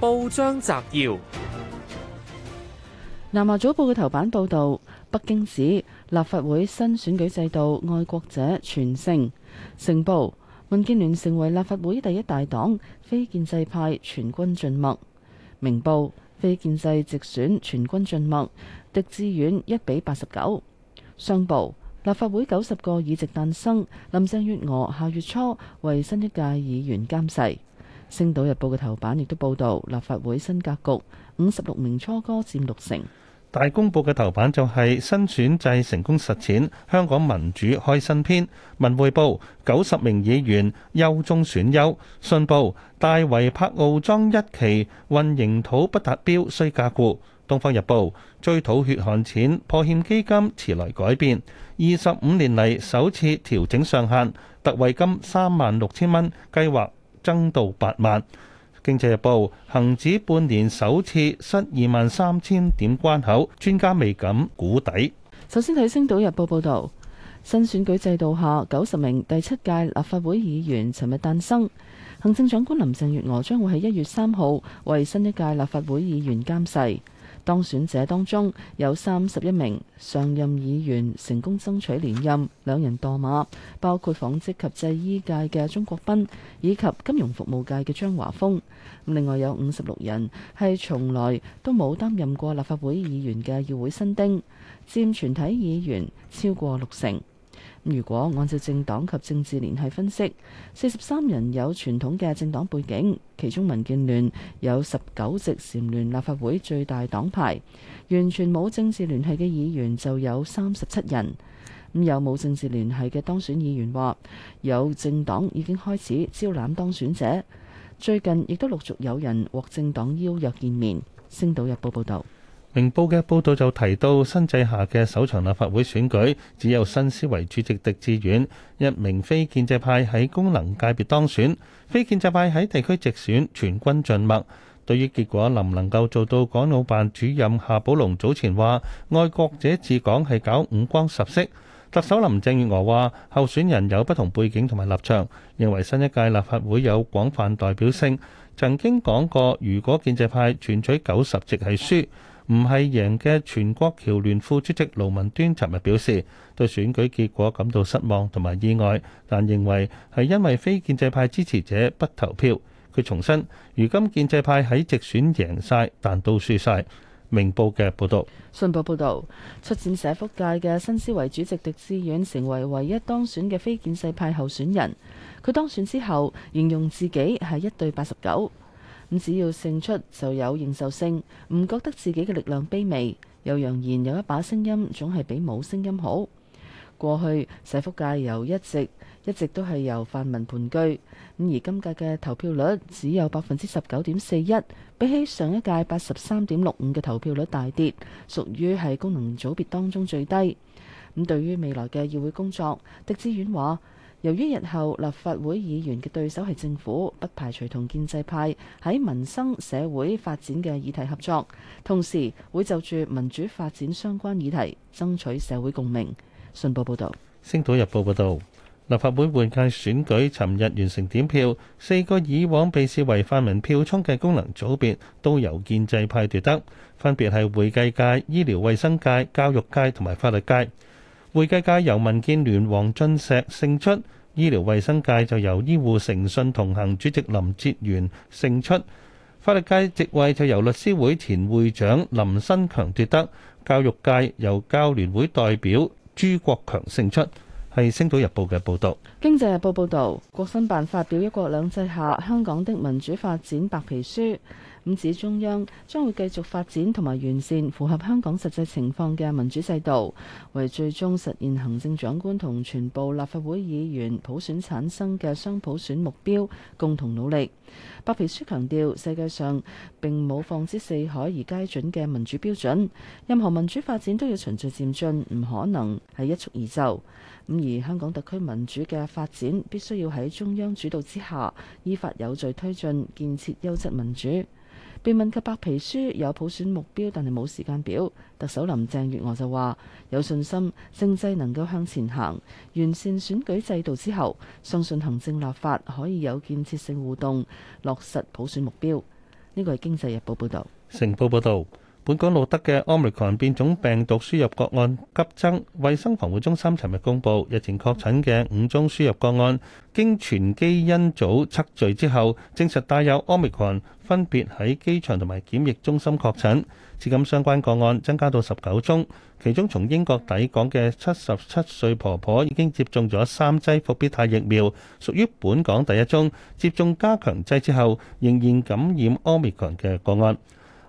報章摘要：南華早報嘅頭版報道，北京指立法會新選舉制度愛國者全勝。成報：民建聯成為立法會第一大黨，非建制派全軍盡墨。明報：非建制直選全軍盡墨。狄志遠一比八十九。商報：立法會九十個議席誕生，林鄭月娥下月初為新一屆議員監誓。《星島日報》嘅頭版亦都報道立法會新格局，五十六名初哥佔六成。《大公報》嘅頭版就係新選制成功實踐，香港民主開新篇。《文匯報》九十名議員優中選優。《信報》大圍柏傲莊一期運營土不達標，需加固。《東方日報》追討血汗錢，破欠基金遲來改變，二十五年嚟首次調整上限，特惠金三萬六千蚊計劃增到八萬。經濟日報，恆指半年首次失二萬三千點關口，專家未敢估底。首先睇星島日報報道：新選舉制度下，九十名第七屆立法會議員尋日誕生，行政長官林鄭月娥將會喺一月三號為新一屆立法會議員監誓。當選者當中有三十一名上任議員成功爭取連任，兩人墮馬，包括紡織及製衣界嘅鍾國斌，以及金融服務界嘅張華峰。另外有五十六人係從來都冇擔任過立法會議員嘅議會新丁，佔全體議員超過六成。如果按照政黨及政治聯繫分析，四十三人有傳統嘅政黨背景，其中民建聯有十九席，蟬聯立法會最大黨派。完全冇政治聯繫嘅議員就有三十七人。咁有冇政治聯繫嘅當選議員話，有政黨已經開始招攬當選者，最近亦都陸續有人獲政黨邀約見面。《星島日報》報道。明報嘅報導就提到，新制下嘅首場立法會選舉，只有新思維主席狄志遠一名非建制派喺功能界別當選，非建制派喺地區直選全軍盡墨。對於結果能唔能夠做到，港澳辦主任夏寶龍早前話，愛國者治港係搞五光十色。特首林鄭月娥話，候選人有不同背景同埋立場，認為新一屆立法會有廣泛代表性。曾經講過，如果建制派全取九十席係輸。唔係贏嘅。全國僑聯副主席盧文端尋日表示，對選舉結果感到失望同埋意外，但認為係因為非建制派支持者不投票。佢重申，如今建制派喺直選贏晒，但都輸晒。明報嘅報導，信報報道，出戰社福界嘅新思維主席狄志遠成為唯一當選嘅非建制派候選人。佢當選之後，形容自己係一對八十九，咁只要勝出就有認受性，唔覺得自己嘅力量卑微，又揚言有一把聲音總係比冇聲音好。過去社福界由一直一直都係由泛民盤踞，咁而今屆嘅投票率只有百分之十九點四一，比起上一屆八十三點六五嘅投票率大跌，屬於係功能組別當中最低。咁對於未來嘅議會工作，狄志遠話。由於日後立法會議員嘅對手係政府，不排除同建制派喺民生社會發展嘅議題合作，同時會就住民主發展相關議題爭取社會共鳴。信報報道。《星島日報》報道，立法會換屆選舉尋日完成點票，四個以往被視為泛民票倉嘅功能組別都由建制派奪得，分別係會計界、醫療衛生界、教育界同埋法律界。會計界由民建聯黃俊碩勝出，醫療衛生界就由醫護誠信同行主席林哲元勝出，法律界席位就由律師會前會長林新強奪得，教育界由教聯會代表朱國強勝出。係《星島日報》嘅報道，《經濟日報》報道，國新辦發表《一國兩制下香港的民主發展白皮書》。指中央將會繼續發展同埋完善符合香港實際情況嘅民主制度，為最終實現行政長官同全部立法會議員普選產生嘅雙普選目標，共同努力。白皮書強調，世界上並冇放之四海而皆準嘅民主標準，任何民主發展都要循序漸進，唔可能係一蹴而就。咁而香港特區民主嘅發展必須要喺中央主導之下，依法有序推進，建設優質民主。被問及白皮書有普選目標，但係冇時間表，特首林鄭月娥就話：有信心政制能夠向前行，完善選舉制度之後，相信行政立法可以有建設性互動，落實普選目標。呢個係《經濟日報》報道，《成報》報道。本港錄得嘅 Omicron 變種病毒輸入個案急增，衛生防護中心尋日公布，日前確診嘅五宗輸入個案，經全基因組測序之後，證實帶有 Omicron，分別喺機場同埋檢疫中心確診。至今相關個案增加到十九宗，其中從英國抵港嘅七十七歲婆婆已經接種咗三劑復必泰疫苗，屬於本港第一宗接種加強劑之後仍然感染 Omicron 嘅個案。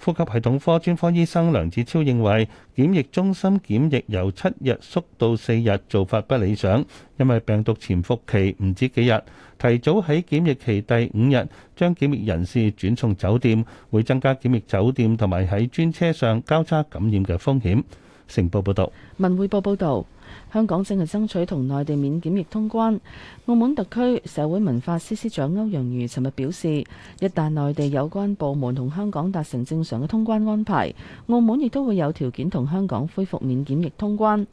呼吸系統科專科醫生梁子超認為，檢疫中心檢疫由七日縮到四日做法不理想，因為病毒潛伏期唔止幾日，提早喺檢疫期第五日將檢疫人士轉送酒店，會增加檢疫酒店同埋喺專車上交叉感染嘅風險。成報報道，文匯報報道，香港正係爭取同內地免檢疫通關。澳門特區社會文化司司長歐陽瑜尋日表示，一旦內地有關部門同香港達成正常嘅通關安排，澳門亦都會有條件同香港恢復免檢疫通關。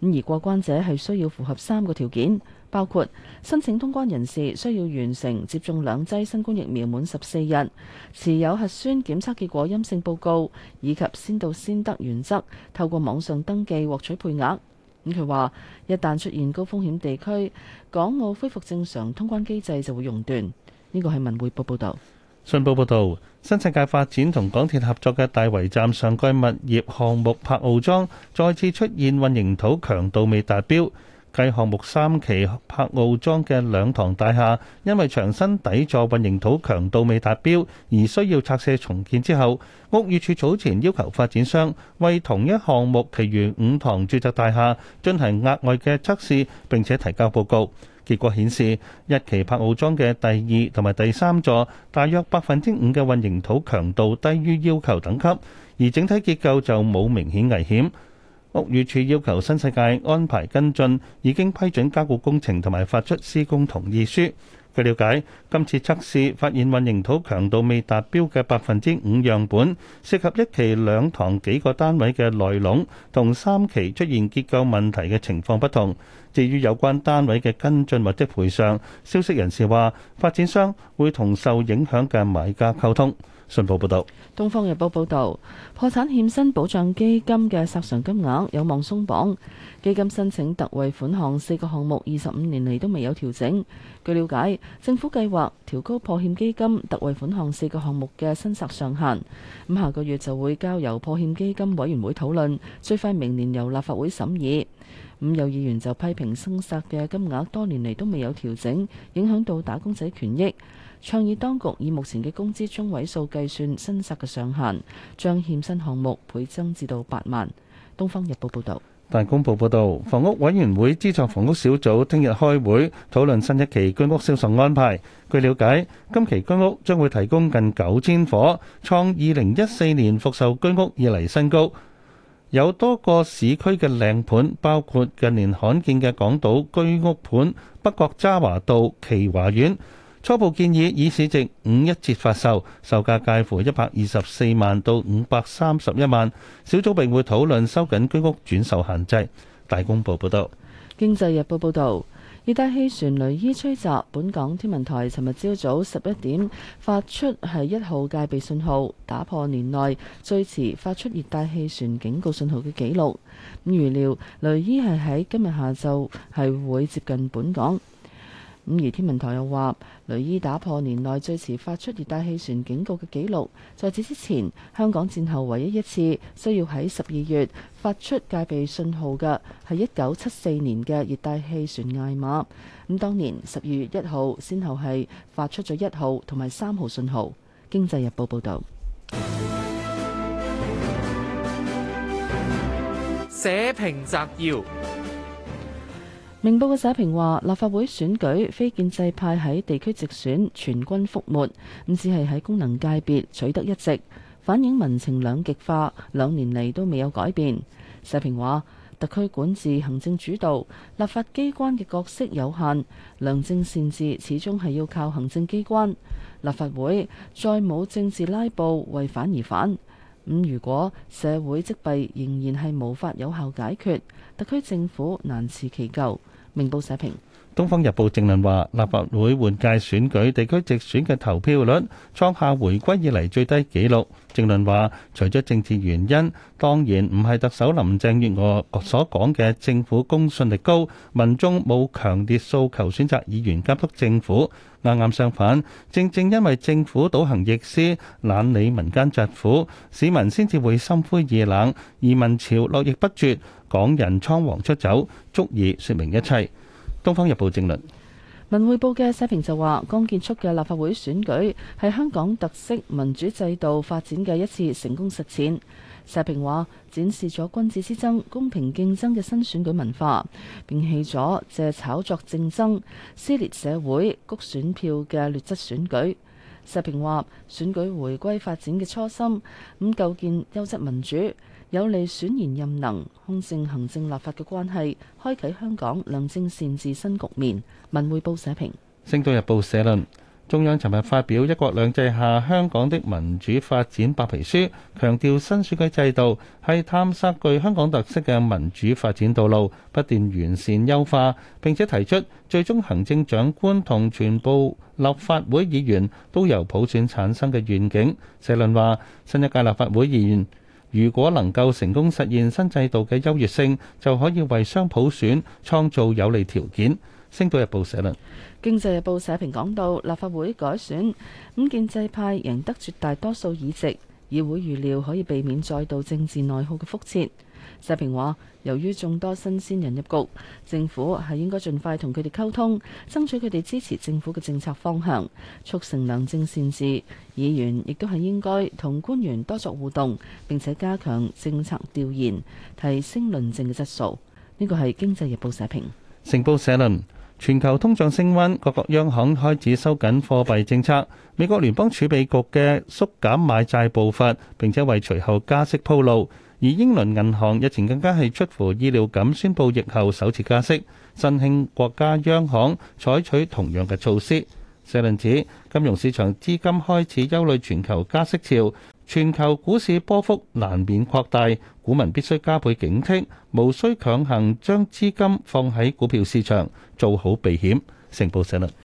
咁而過關者係需要符合三個條件。包括申請通關人士需要完成接種兩劑新冠疫苗滿十四日，持有核酸檢測結果陰性報告，以及先到先得原則，透過網上登記獲取配額。咁佢話：一旦出現高風險地區，港澳恢復正常通關機制就會熔斷。呢個係文匯報報導。信報報道，新世界發展同港鐵合作嘅大圍站上蓋物業項目柏傲莊再次出現混凝土強度未達標。繼項目三期柏傲莊嘅兩幢大廈，因為牆身底座混凝土強度未達標，而需要拆卸重建之後，屋宇署早前要求發展商為同一項目其餘五幢住宅大廈進行額外嘅測試，並且提交報告。結果顯示，一期柏傲莊嘅第二同埋第三座，大約百分之五嘅混凝土強度低於要求等級，而整體結構就冇明顯危險。屋宇署要求新世界安排跟進，已經批准加固工程同埋發出施工同意書。據了解，今次測試發現混凝土強度未達標嘅百分之五樣本，涉及一期兩堂幾個單位嘅內籠，同三期出現結構問題嘅情況不同。至於有關單位嘅跟進或者賠償，消息人士話，發展商會同受影響嘅買家溝通。信報報導，《東方日報》報導，破產欠薪保障基金嘅索償金額有望鬆綁，基金申請特惠款項四個項目二十五年嚟都未有調整。據了解，政府計劃調高破欠基金特惠款項四個項目嘅申索上限，咁下個月就會交由破欠基金委員會討論，最快明年由立法會審議。咁有議員就批評申索嘅金額多年嚟都未有調整，影響到打工仔權益。創意當局以目前嘅工資中位數計算新實嘅上限，將欠薪項目倍增至到八萬。《東方日報》報導，大公報報導，房屋委員會資助房屋小組聽日開會討論新一期居屋銷售安排。據瞭解，今期居屋將會提供近九千伙，創二零一四年復售居屋以嚟新高。有多個市區嘅靚盤，包括近年罕見嘅港島居屋盤北角、渣華道、奇華苑。初步建議以市值五一折發售，售價介乎一百二十四萬到五百三十一萬。小組並會討論收緊居屋轉售限制。大公報報導，《經濟日報》報導，熱帶氣旋雷伊吹襲本港天文台，尋日朝早十一點發出係一號戒備信號，打破年內最遲發出熱帶氣旋警告信號嘅記錄。咁預料雷伊係喺今日下晝係會接近本港。而天文台又話，雷伊打破年內最遲發出熱帶氣旋警告嘅記錄。在此之前，香港戰後唯一一次需要喺十二月發出戒備信號嘅，係一九七四年嘅熱帶氣旋艾瑪。咁當年十二月一號，先後係發出咗一號同埋三號信號。經濟日報報導。社評摘要。明報嘅社評話：立法會選舉非建制派喺地區直選全軍覆沒，咁只係喺功能界別取得一席，反映民情兩極化，兩年嚟都未有改變。社評話：特區管治行政主導，立法機關嘅角色有限，良政善治始終係要靠行政機關。立法會再冇政治拉布，為反而反。咁、嗯、如果社會積弊仍然係無法有效解決，特區政府難辭其咎。明報社評，《東方日報》正論話：立法會換屆選舉地區直選嘅投票率創下回歸以嚟最低紀錄。正論話，除咗政治原因，當然唔係特首林鄭月娥所講嘅政府公信力高，民眾冇強烈訴求選擇議員監督政府。啱啱相反，正正因為政府倒行逆施，懶理民間疾苦，市民先至會心灰意冷，移民潮絡繹不絕。港人倉皇出走，足以說明一切。《東方日報》政論，《文匯報》嘅社評就話：剛結束嘅立法會選舉係香港特色民主制度發展嘅一次成功實踐。社評話展示咗君子之爭、公平競爭嘅新選舉文化，摒棄咗借炒作競爭、撕裂社會、谷選票嘅劣質選舉。社評話選舉回歸發展嘅初心，咁構建優質民主。有利選賢任能、控政行政立法嘅關係，開啟香港良政善治新局面。文匯報社評，《星島日報》社論：中央尋日發表《一國兩制下香港的民主發展白皮書》，強調新選舉制度係探索具香港特色嘅民主發展道路，不斷完善優化，並且提出最終行政長官同全部立法會議員都由普選產生嘅願景。社論話：新一屆立法會議員如果能夠成功實現新制度嘅優越性，就可以為雙普選創造有利條件。星島日報社論，經濟日報社評講到，立法會改選，咁建制派贏得絕大多數議席，議會預料可以避免再度政治內耗嘅覆轍。社評話，由於眾多新鮮人入局，政府係應該盡快同佢哋溝通，爭取佢哋支持政府嘅政策方向，促成良政善治。議員亦都係應該同官員多作互動，並且加強政策調研，提升論政嘅質素。呢個係《經濟日報》社評。成報社論。全球通脹升温，各國央行開始收緊貨幣政策。美國聯邦儲備局嘅縮減買債步伐，並且為隨後加息鋪路。而英倫銀行日前更加係出乎意料咁宣布疫後首次加息，新興國家央行採取同樣嘅措施。社論指金融市場資金開始憂慮全球加息潮。全球股市波幅難免擴大，股民必須加倍警惕，無需強行將資金放喺股票市場，做好避險，成報社論。